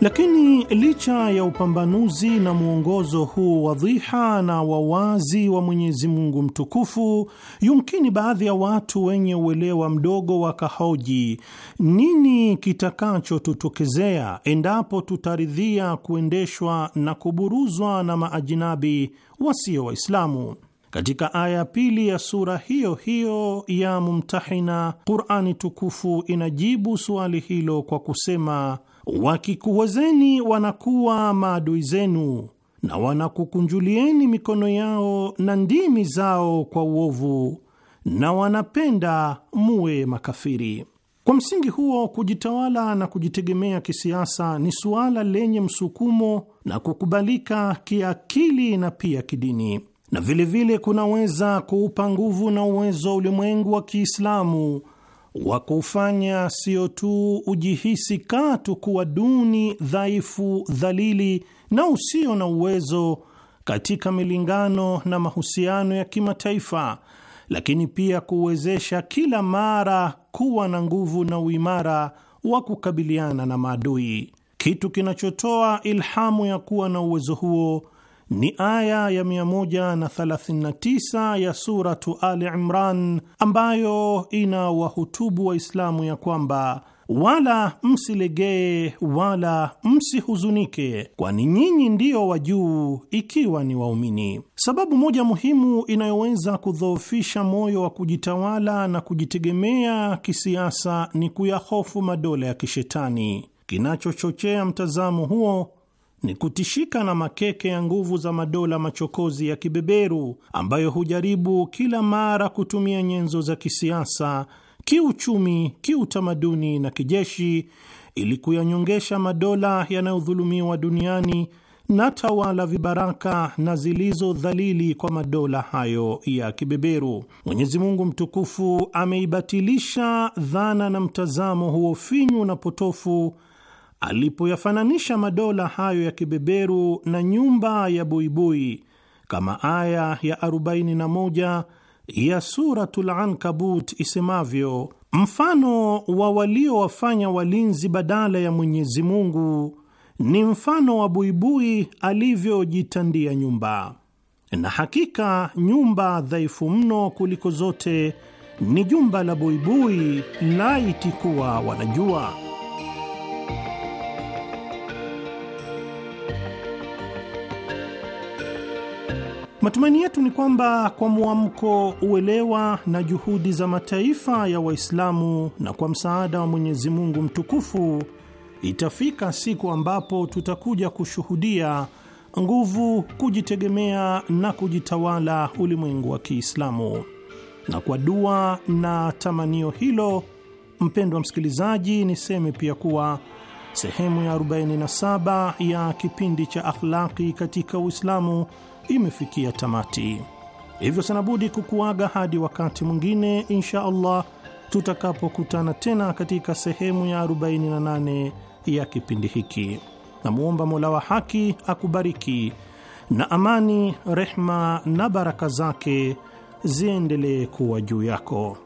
Lakini licha ya upambanuzi na mwongozo huu wadhiha na wawazi wa Mwenyezi Mungu mtukufu, yumkini baadhi ya watu wenye uelewa mdogo wakahoji, nini kitakachotutokezea endapo tutaridhia kuendeshwa na kuburuzwa na maajinabi wasio Waislamu? Katika aya ya pili ya sura hiyo hiyo ya Mumtahina, Qurani tukufu inajibu suali hilo kwa kusema wakikuwezeni wanakuwa maadui zenu na wanakukunjulieni mikono yao na ndimi zao kwa uovu na wanapenda muwe makafiri. Kwa msingi huo, kujitawala na kujitegemea kisiasa ni suala lenye msukumo na kukubalika kiakili na pia kidini, na vilevile vile kunaweza kuupa nguvu na uwezo ulimwengu wa Kiislamu wa kufanya sio tu ujihisi katu kuwa duni, dhaifu, dhalili na usio na uwezo katika milingano na mahusiano ya kimataifa, lakini pia kuwezesha kila mara kuwa na nguvu na uimara wa kukabiliana na maadui. Kitu kinachotoa ilhamu ya kuwa na uwezo huo ni aya ya 139 ya suratu Ali Imran ambayo ina wahutubu Waislamu ya kwamba wala msilegee wala msihuzunike, kwani nyinyi ndiyo wa juu ikiwa ni waumini. Sababu moja muhimu inayoweza kudhoofisha moyo wa kujitawala na kujitegemea kisiasa ni kuyahofu madola ya kishetani. Kinachochochea mtazamo huo ni kutishika na makeke ya nguvu za madola machokozi ya kibeberu ambayo hujaribu kila mara kutumia nyenzo za kisiasa, kiuchumi, kiutamaduni na kijeshi ili kuyanyongesha madola yanayodhulumiwa duniani na tawala vibaraka na zilizo dhalili kwa madola hayo ya kibeberu. Mwenyezi Mungu mtukufu ameibatilisha dhana na mtazamo huo finyu na potofu alipoyafananisha madola hayo ya kibeberu na nyumba ya buibui kama aya ya 41 ya Suratul Ankabut isemavyo, mfano wa waliowafanya walinzi badala ya Mwenyezi Mungu ni mfano wa buibui alivyojitandia nyumba, na hakika nyumba dhaifu mno kuliko zote ni jumba la buibui, laiti kuwa wanajua. Matumaini yetu ni kwamba kwa mwamko, uelewa na juhudi za mataifa ya Waislamu na kwa msaada wa Mwenyezi Mungu mtukufu itafika siku ambapo tutakuja kushuhudia nguvu, kujitegemea na kujitawala ulimwengu wa Kiislamu. Na kwa dua na tamanio hilo, mpendwa msikilizaji, niseme pia kuwa sehemu ya 47 ya kipindi cha Akhlaqi katika Uislamu imefikia tamati. Hivyo sinabudi kukuaga hadi wakati mwingine, insha Allah tutakapokutana tena katika sehemu ya 48 ya kipindi hiki. Namwomba Mola wa haki akubariki na amani, rehma na baraka zake ziendelee kuwa juu yako.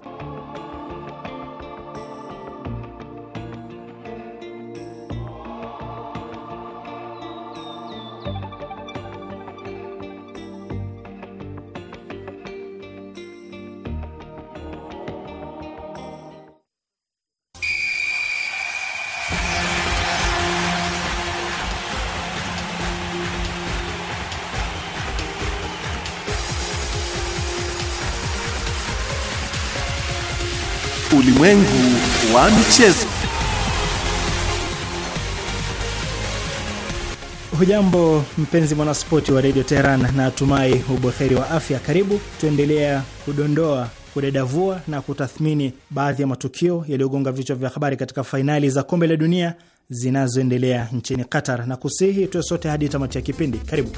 ulimwengu wa michezo. Hujambo mpenzi mwanaspoti wa redio Teheran, na atumai uboheri wa afya. Karibu tuendelea kudondoa, kudadavua na kutathmini baadhi ya matukio yaliyogonga vichwa vya habari katika fainali za kombe la dunia zinazoendelea nchini Qatar, na kusihi tuwe sote hadi tamati ya kipindi. Karibu.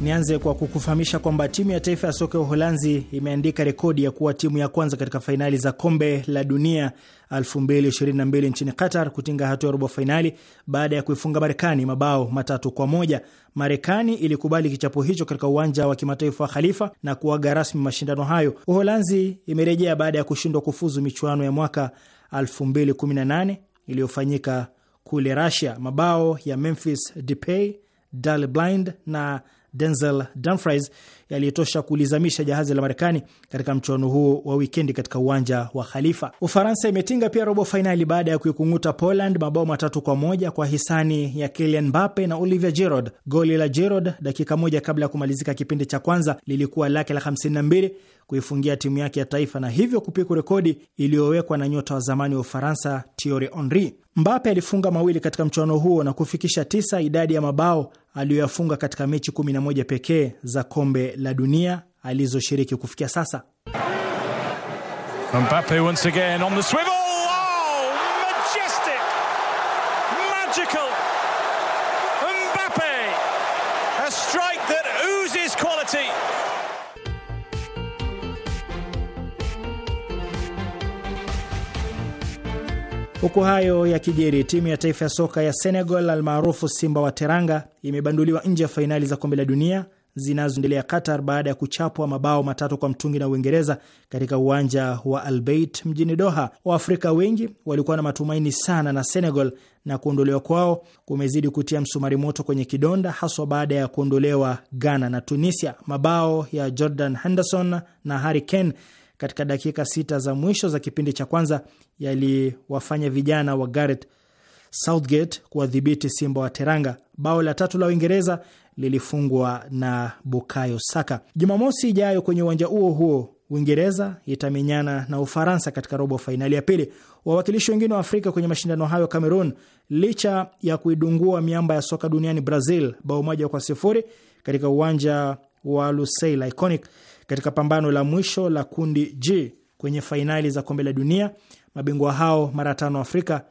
Nianze kwa kukufahamisha kwamba timu ya taifa ya soka ya Uholanzi imeandika rekodi ya kuwa timu ya kwanza katika fainali za kombe la dunia 2022 nchini Qatar kutinga hatua ya robo fainali baada ya kuifunga Marekani mabao matatu kwa moja. Marekani ilikubali kichapo hicho katika uwanja wa kimataifa wa Khalifa na kuaga rasmi mashindano hayo. Uholanzi imerejea baada ya kushindwa kufuzu michuano ya mwaka 2018 iliyofanyika kule Rasia. Mabao ya Memphis Depay, Daley Blind na Denzel Dumfries yaliyotosha kulizamisha jahazi la Marekani katika mchuano huo wa wikendi katika uwanja wa Khalifa. Ufaransa imetinga pia robo fainali baada ya kuikung'uta Poland mabao matatu kwa moja kwa hisani ya Kylian Mbappe na Olivier Giroud. Goli la Giroud dakika moja kabla ya kumalizika kipindi cha kwanza lilikuwa lake la 52 kuifungia timu yake ya taifa na hivyo kupiku rekodi iliyowekwa na nyota wa zamani wa Ufaransa Thierry Henry. Mbappe alifunga mawili katika mchuano huo na kufikisha tisa idadi ya mabao aliyoyafunga katika mechi 11 pekee za kombe la dunia alizoshiriki kufikia sasa. Mbappe once again on the swivel. Oh, majestic. Magical. Mbappe. A strike that oozes quality. Huku hayo ya kijeri, timu ya taifa ya soka ya Senegal almaarufu Simba wa Teranga imebanduliwa nje ya fainali za kombe la dunia zinazoendelea Qatar baada ya kuchapwa mabao matatu kwa mtungi na Uingereza katika uwanja wa albeit mjini Doha. Waafrika wengi walikuwa na matumaini sana na Senegal na kuondolewa kwao kumezidi kutia msumari moto kwenye kidonda, haswa baada ya kuondolewa Ghana na Tunisia. Mabao ya Jordan Henderson na Harry Kane katika dakika sita za mwisho za kipindi cha kwanza yaliwafanya vijana wa Gareth Southgate kuwadhibiti Simba wa Teranga. Bao la tatu la Uingereza lilifungwa na Bukayo Saka. Jumamosi ijayo kwenye uwanja huo huo Uingereza itamenyana na Ufaransa katika robo fainali ya pili. Wawakilishi wengine wa Afrika kwenye mashindano hayo, Cameroon, licha ya kuidungua miamba ya soka duniani Brazil bao moja kwa sifuri katika uwanja wa Lusail Iconic katika pambano la mwisho la kundi G kwenye fainali za kombe la dunia, mabingwa hao mara tano Afrika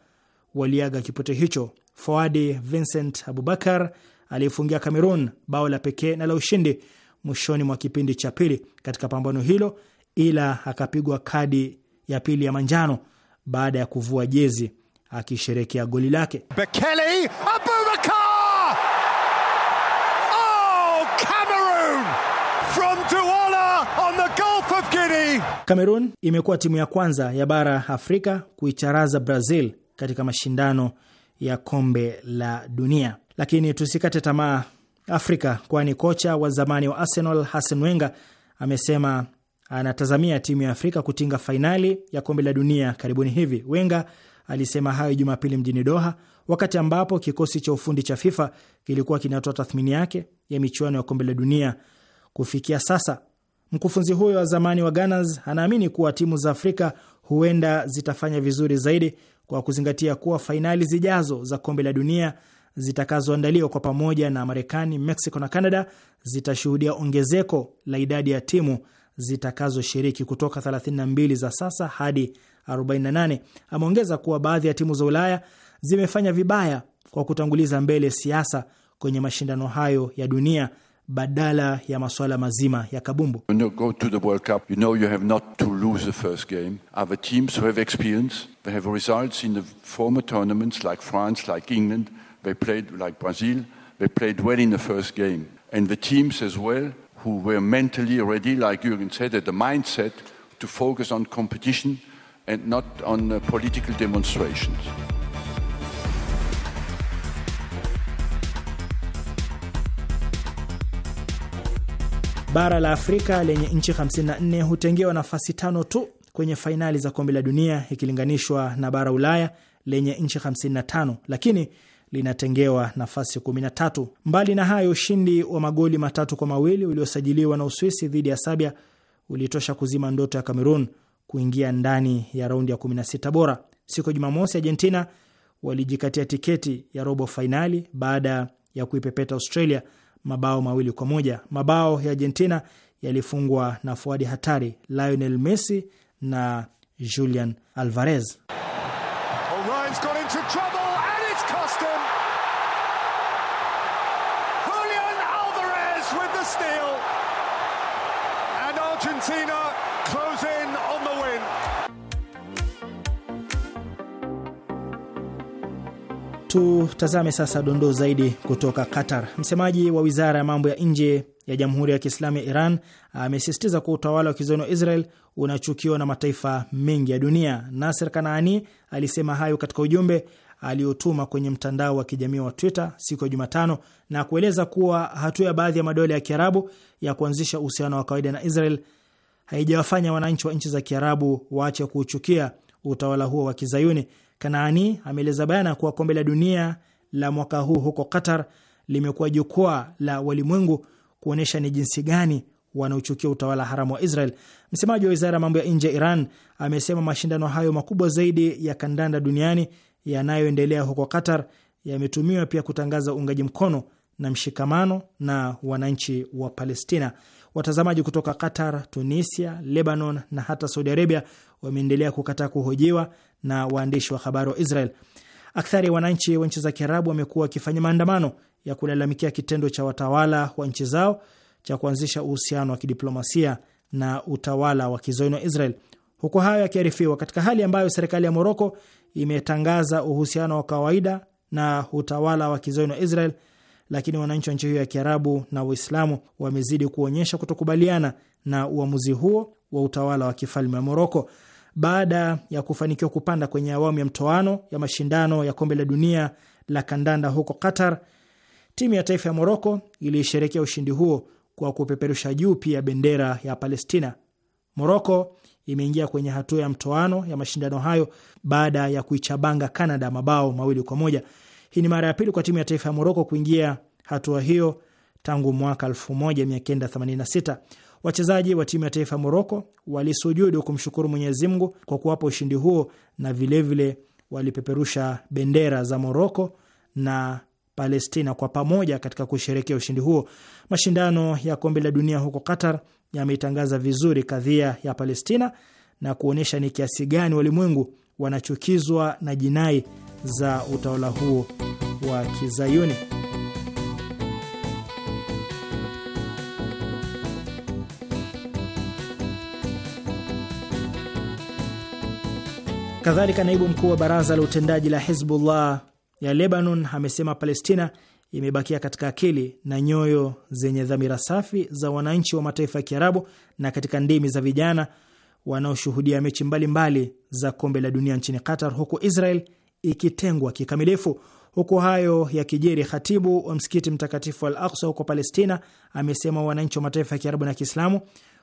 waliaga kipote hicho. Foadi Vincent Abubakar aliyefungia Cameroon bao la pekee na la ushindi mwishoni mwa kipindi cha pili katika pambano hilo, ila akapigwa kadi ya pili ya manjano baada ya kuvua jezi akisherekea goli lake. Bekele Abubakar! Oh, Cameroon from Douala on the Gulf of Guinea. Cameroon imekuwa timu ya kwanza ya bara Afrika kuicharaza Brazil katika mashindano ya kombe la dunia. Lakini tusikate tamaa Afrika, kwani kocha wa zamani wa Arsenal Hassan Wenger amesema anatazamia timu ya Afrika kutinga fainali ya kombe la dunia karibuni hivi. Wenger alisema hayo Jumapili mjini Doha, wakati ambapo kikosi cha ufundi cha FIFA kilikuwa kinatoa tathmini yake ya michuano ya kombe la dunia kufikia sasa. Mkufunzi huyo wa zamani wa Gunners anaamini kuwa timu za Afrika huenda zitafanya vizuri zaidi kwa kuzingatia kuwa fainali zijazo za kombe la dunia zitakazoandaliwa kwa pamoja na Marekani, Mexico na Canada zitashuhudia ongezeko la idadi ya timu zitakazoshiriki kutoka 32 za sasa hadi 48. Ameongeza kuwa baadhi ya timu za Ulaya zimefanya vibaya kwa kutanguliza mbele siasa kwenye mashindano hayo ya dunia badala ya masuala mazima ya kabumbu. When you go to the World Cup, you know you have not to lose the first game. Other teams who have experience, they have results in the former tournaments like France, like England, they played like Brazil, they played well in the first game. And the teams as well who were mentally ready, like Jürgen said, had the mindset to focus on competition and not on uh, political demonstrations. Bara la Afrika lenye nchi 54 hutengewa nafasi tano tu kwenye fainali za kombe la dunia ikilinganishwa na bara Ulaya lenye nchi 55 lakini linatengewa nafasi 13. Mbali na hayo, ushindi wa magoli matatu kwa mawili uliosajiliwa na Uswisi dhidi ya Sabia ulitosha kuzima ndoto ya cameron kuingia ndani ya raundi ya 16 bora. Siku ya Jumamosi, Argentina walijikatia tiketi ya robo fainali baada ya kuipepeta Australia mabao mawili kwa moja. Mabao ya Argentina yalifungwa na fuadi hatari Lionel Messi na Julian Alvarez. Tutazame sasa dondoo zaidi kutoka Qatar. Msemaji wa wizara ya mambo ya nje ya Jamhuri ya Kiislamu ya Iran amesisitiza kuwa utawala wa kizayuni wa Israel unachukiwa na mataifa mengi ya dunia. Nasser Kanaani alisema hayo katika ujumbe aliotuma kwenye mtandao wa kijamii wa Twitter siku ya Jumatano na kueleza kuwa hatua ya baadhi ya madola ya Kiarabu ya kuanzisha uhusiano wa kawaida na Israel haijawafanya wananchi wa nchi za Kiarabu waache kuuchukia utawala huo wa kizayuni. Kanaani ameeleza bayana kuwa kombe la dunia la mwaka huu huko Qatar limekuwa jukwaa la walimwengu kuonyesha ni jinsi gani wanaochukia utawala haramu wa Israel. Msemaji wa wizara ya mambo ya nje ya Iran amesema mashindano hayo makubwa zaidi ya kandanda duniani yanayoendelea huko Qatar yametumiwa pia kutangaza uungaji mkono na mshikamano na wananchi wa Palestina. Watazamaji kutoka Qatar, Tunisia, Lebanon na hata Saudi Arabia wameendelea kukataa kuhojiwa na waandishi wa habari wa Israel. Akthari ya wananchi wa nchi za Kiarabu wamekuwa wakifanya maandamano ya kulalamikia kitendo cha watawala wa nchi zao cha kuanzisha uhusiano wa kidiplomasia na utawala wa kizoeni wa Israel. Huku hayo yakiarifiwa, katika hali ambayo serikali ya Moroko imetangaza uhusiano wa kawaida na utawala wa kizoeni wa Israel lakini wananchi wa nchi hiyo ya Kiarabu na Waislamu wamezidi kuonyesha kutokubaliana na uamuzi huo wa utawala wa kifalme wa Moroko. Baada ya kufanikiwa kupanda kwenye awamu ya mtoano ya mashindano ya kombe la dunia la kandanda huko Qatar, timu ya taifa ya Moroko iliisherekea ushindi huo kwa kupeperusha juu pia bendera ya Palestina. Moroko imeingia kwenye hatua ya mtoano ya mashindano hayo baada ya kuichabanga Canada mabao mawili kwa moja. Hii ni mara ya pili kwa timu ya taifa ya Moroko kuingia hatua hiyo tangu mwaka 1986. Wachezaji wa timu ya taifa ya Moroko walisujudu kumshukuru Mwenyezi Mungu kwa kuwapa ushindi huo na vilevile vile walipeperusha bendera za Moroko na Palestina kwa pamoja katika kusherekea ushindi huo. Mashindano ya kombe la dunia huko Qatar yameitangaza vizuri kadhia ya Palestina na kuonyesha ni kiasi gani walimwengu wanachukizwa na jinai za utawala huo wa Kizayuni. Kadhalika, naibu mkuu wa baraza la utendaji la Hizbullah ya Lebanon amesema Palestina imebakia katika akili na nyoyo zenye dhamira safi za wananchi wa mataifa ya Kiarabu na katika ndimi za vijana wanaoshuhudia mechi mbalimbali za kombe la dunia nchini Qatar, huku Israel ikitengwa kikamilifu. Huku hayo ya kijeri, khatibu wa msikiti mtakatifu Al Aksa huko Palestina amesema wananchi wa mataifa ya Kiarabu na Kiislamu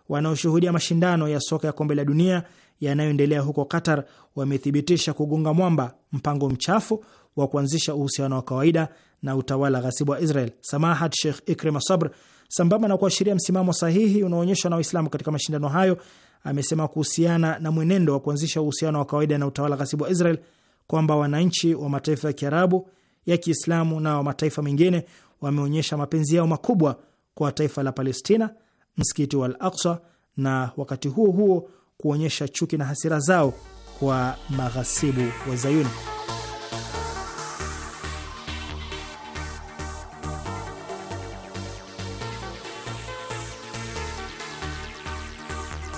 wanaoshuhudia mashindano ya soka ya kombe la dunia yanayoendelea huko Qatar wamethibitisha kugonga mwamba mpango mchafu wa kuanzisha uhusiano wa kawaida na utawala ghasibu wa Israel. Samahat Sheikh Ikrima Sabr, sambamba na kuashiria msimamo sahihi unaoonyeshwa na Waislamu katika mashindano hayo, amesema kuhusiana na mwenendo wa kuanzisha uhusiano wa kawaida na utawala ghasibu wa Israel kwamba wananchi wa mataifa ya Kiarabu ya Kiislamu na wa mataifa mengine wameonyesha mapenzi yao makubwa kwa taifa la Palestina, msikiti wa Al-Aqsa, na wakati huo huo kuonyesha chuki na hasira zao kwa maghasibu wa Zayuni.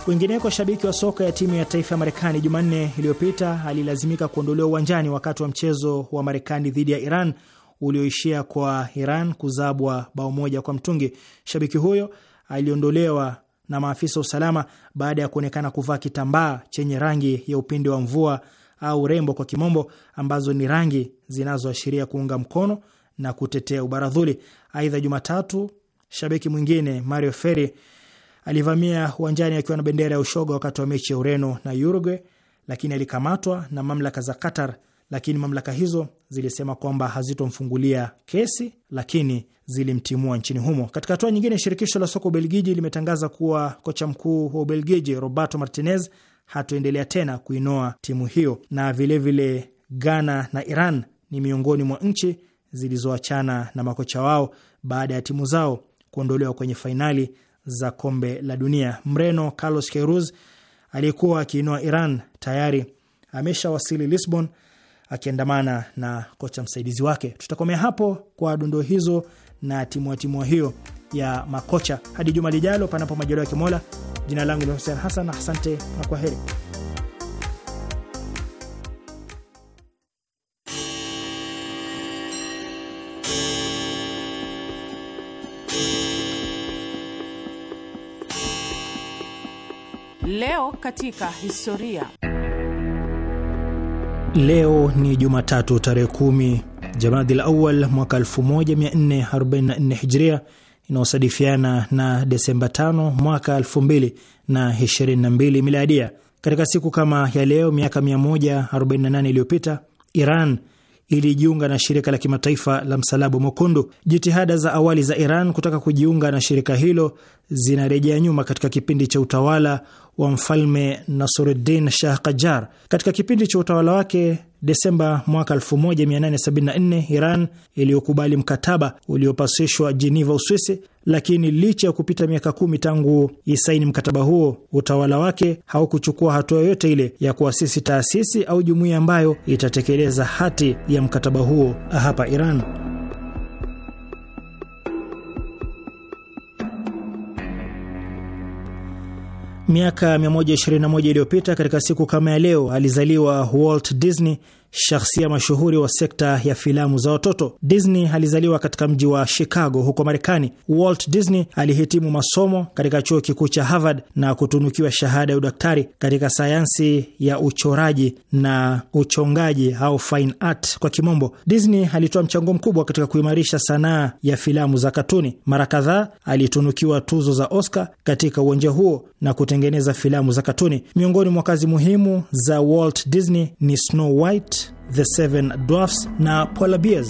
Kwingineko, shabiki wa soka ya timu ya taifa ya Marekani Jumanne iliyopita alilazimika kuondolewa uwanjani wakati wa mchezo wa Marekani dhidi ya Iran ulioishia kwa Iran kuzabwa bao moja kwa mtungi. Shabiki huyo aliondolewa na maafisa wa usalama baada ya kuonekana kuvaa kitambaa chenye rangi ya upinde wa mvua au rembo kwa kimombo, ambazo ni rangi zinazoashiria kuunga mkono na kutetea ubaradhuli. Aidha, Jumatatu shabiki mwingine Mario Ferri alivamia uwanjani akiwa na bendera ya ushoga wakati wa mechi ya Ureno na Uruguay, lakini alikamatwa na mamlaka za Qatar, lakini mamlaka hizo zilisema kwamba hazitomfungulia kesi, lakini zilimtimua nchini humo. Katika hatua nyingine, shirikisho la soka Ubelgiji limetangaza kuwa kocha mkuu wa Ubelgiji Roberto Martinez hatoendelea tena kuinoa timu hiyo, na vilevile vile Ghana na Iran ni miongoni mwa nchi zilizoachana na makocha wao baada ya timu zao kuondolewa kwenye fainali za kombe la dunia. Mreno Carlos Queiroz aliyekuwa akiinoa Iran tayari ameshawasili Lisbon akiandamana na kocha msaidizi wake. Tutakomea hapo kwa dondoo hizo na timua timua hiyo ya makocha hadi juma lijalo, panapo majaliwa ya Kimola. Jina langu ni Hussein Hassan, asante na kwa heri. Leo katika historia. Leo ni Jumatatu tarehe kumi Jamadil Awal mwaka 1444 Hijria, inayosadifiana na Desemba 5 mwaka 2022 Miladia. Katika siku kama ya leo miaka 148 iliyopita Iran ilijiunga na shirika la kimataifa la msalaba mwekundu. Jitihada za awali za Iran kutaka kujiunga na shirika hilo zinarejea nyuma katika kipindi cha utawala wa mfalme Nasiruddin Shah Qajar. Katika kipindi cha utawala wake Desemba mwaka 1874 Iran iliyokubali mkataba uliopasishwa jeneva Uswisi. Lakini licha ya kupita miaka kumi tangu isaini mkataba huo, utawala wake haukuchukua hatua yoyote ile ya kuasisi taasisi au jumuiya ambayo itatekeleza hati ya mkataba huo hapa Iran. Miaka 121 iliyopita katika siku kama ya leo alizaliwa Walt Disney shakhsia mashuhuri wa sekta ya filamu za watoto. Disney alizaliwa katika mji wa Chicago huko Marekani. Walt Disney alihitimu masomo katika chuo kikuu cha Harvard na kutunukiwa shahada ya udaktari katika sayansi ya uchoraji na uchongaji au fine art kwa kimombo. Disney alitoa mchango mkubwa katika kuimarisha sanaa ya filamu za katuni. Mara kadhaa alitunukiwa tuzo za Oscar katika uwanja huo na kutengeneza filamu za katuni. Miongoni mwa kazi muhimu za Walt Disney ni Snow White The Seven Dwarfs na Polar Bears.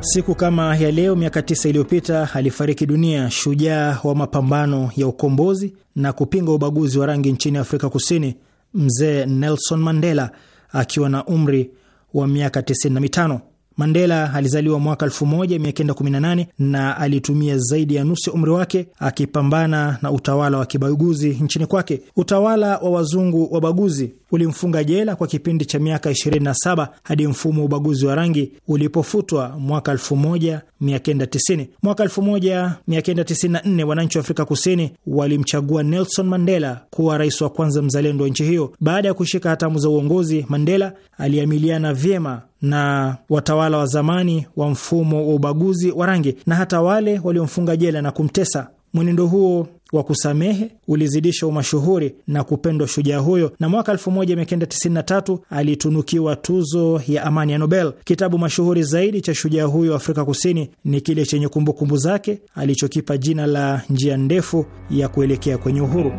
Siku kama ya leo miaka tisa iliyopita alifariki dunia shujaa wa mapambano ya ukombozi na kupinga ubaguzi wa rangi nchini Afrika Kusini, mzee Nelson Mandela akiwa na umri wa miaka 95. Mandela alizaliwa mwaka 1918 na alitumia zaidi ya nusu ya umri wake akipambana na utawala wa kibaguzi nchini kwake. Utawala wa wazungu wa baguzi ulimfunga jela kwa kipindi cha miaka 27 hadi mfumo wa ubaguzi wa rangi ulipofutwa mwaka 1990. Mwaka 1994 wananchi wa Afrika Kusini walimchagua Nelson Mandela kuwa rais wa kwanza mzalendo wa nchi hiyo. Baada ya kushika hatamu za uongozi, Mandela aliamiliana vyema na watawala wa zamani wa mfumo wa ubaguzi wa rangi na hata wale waliomfunga jela na kumtesa. Mwenendo huo wa kusamehe ulizidisha umashuhuri na kupendwa shujaa huyo, na mwaka 1993 alitunukiwa tuzo ya amani ya Nobel. Kitabu mashuhuri zaidi cha shujaa huyo Afrika Kusini ni kile chenye kumbukumbu zake alichokipa jina la njia ndefu ya kuelekea kwenye uhuru.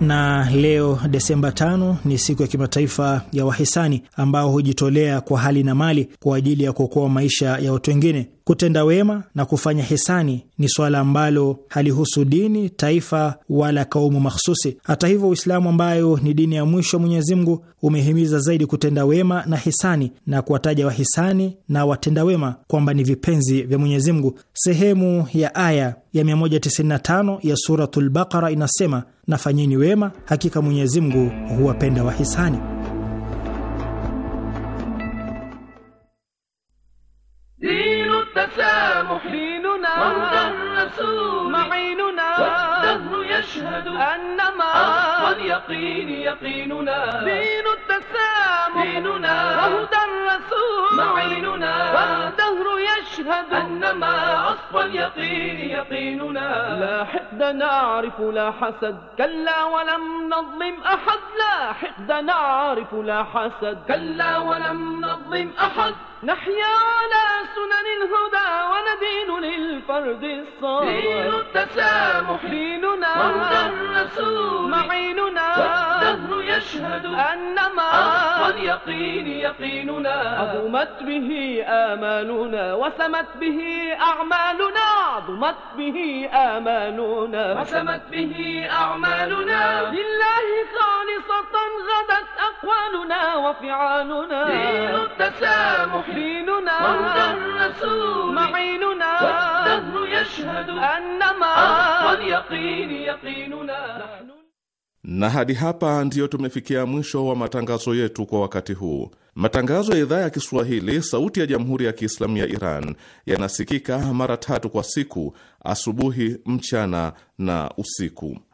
na leo Desemba tano ni siku ya kimataifa ya wahisani ambao hujitolea kwa hali na mali kwa ajili ya kuokoa maisha ya watu wengine. Kutenda wema na kufanya hisani ni swala ambalo halihusu dini, taifa wala kaumu makhususi Hata hivyo, Uislamu ambayo ni dini ya mwisho wa Mwenyezi Mungu umehimiza zaidi kutenda wema na hisani na kuwataja wahisani na watenda wema kwamba ni vipenzi vya Mwenyezi Mungu. Sehemu ya aya ya 195 ya Suratul Baqara inasema, nafanyeni wema, hakika Mwenyezi Mungu huwapenda wahisani. morrendo, não. الرسول معيننا والدهر يشهد أنما أرض اليقين يقيننا دين التسامح ديننا وهدى الرسول معيننا والدهر يشهد أنما أصفى اليقين يقيننا لا حقد نعرف لا حسد كلا ولم نظلم أحد لا حقد نعرف لا حسد كلا ولم نظلم أحد نحيا على سنن الهدى وندين للفرد الصالح دين التسامح ديننا وهدى الرسول معيننا والدهر يشهد أنما اليقين يقيننا عظمت به آمالنا وسمت به أعمالنا عظمت به آمالنا وسمت به أعمالنا لله خالصة غدت اخواننا وفعالنا دين التسامح ديننا والرسول معيننا والدهر يشهد انما اليقين يقيننا na hadi hapa ndiyo tumefikia mwisho wa matangazo yetu kwa wakati huu. Matangazo ya idhaa ya Kiswahili sauti ya jamhuri ya Kiislamu ya Iran yanasikika mara tatu kwa siku: asubuhi, mchana na usiku.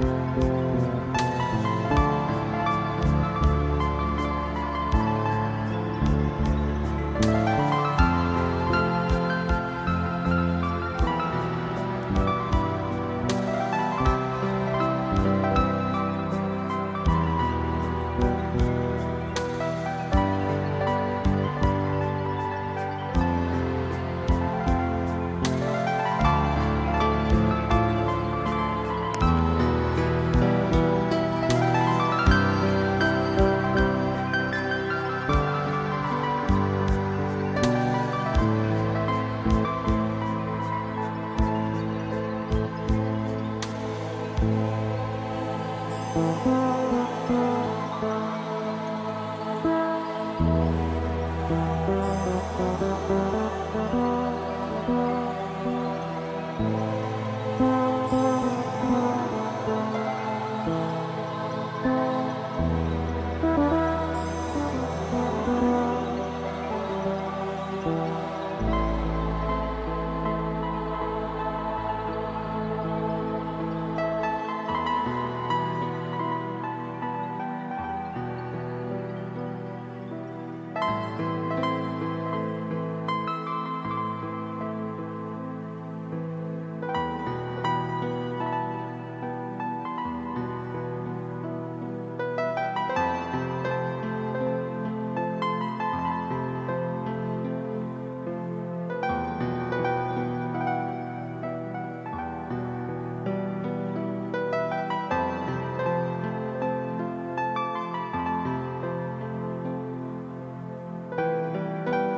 Thank you.